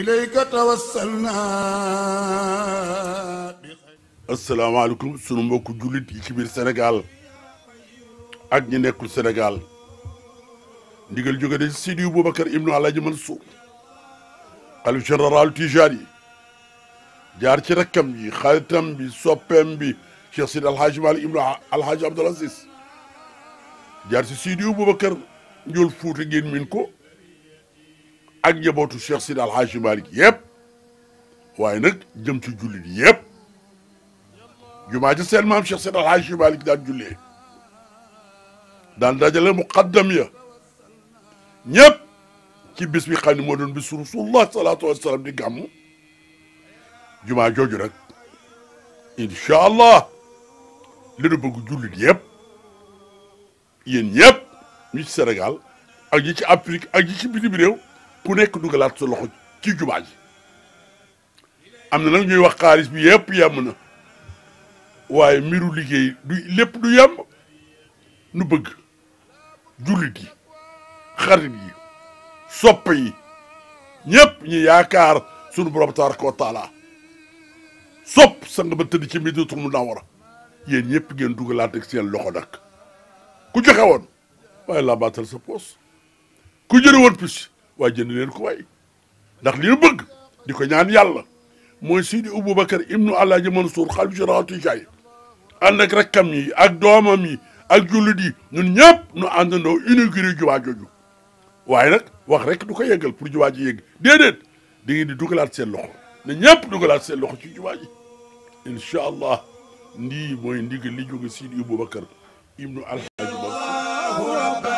ilayka tawassalnaa asalaamaaleykum sunu mbokku jullit yi ci biir Sénégal ak ñi nekkul Sénégal ndigal jóge de Sidi Boubacar Ibnu Alaaji Mansour xalif général Tijani jaar ci rakkam bi xaritam bi soppeem bi Cheikh Sidi Alhaaji Malik Ibnu Alhaaji Abdoul Aziz jaar ci Sidi Boubacar njool Fuuta ngeen min ko ak njabootu Cheikh Sidi Alhaaji Malick yëpp waaye nag jëm ci jullit yëpp jumaa ji seen maam Cheikh Sidi Alhaaji Malick daan jullee daan dajale muqaddam ya ñëpp ci bis bi xam ne moo doon bis rasulullah salaatu wasalaam di gàmmu jumaa jooju rek incha allah li nu bëgg jullit yëpp yéen ñëpp ñi ci Sénégal ak ñi ci Afrique ak ñi ci bitim réew ku nekk dugalaat sa loxo ci jumaa am na nag ñuy wax xaalis bi yëpp yem na waaye mbiru liggéey du lépp du yem nu bëgg jullit yi xarit yi sopp yi ñëpp ñi yaakaar sunu borom tabaraka wa taala sopp sa nga ba tëdd ci Madinatul Munawwara yéen ñëpp ngeen dugalaat ak seen loxo nag ku joxe woon waaye làmbaatal sa poos ku jëre woon pis waa jënd leen ko way ndax li bëgg di ko ñaan yàlla mooy Sidi Aboubacar ibnu Alaaji Mansour xalifa général Tidiane ànd ak rakkam yi ak doomam yi ak jullit yi ñun ñëpp ñu àndandoo inauguré juwaa jooju waaye nag wax rek du ko yeggal pour juwaa ji yegg déedéet da ngeen di dugalaat seen loxo ne ñëpp dugalaat seen loxo ci juwaa ji incha allah ndii mooy ndigal li jóge Sidi Aboubacar ibnu Alaaji Mansour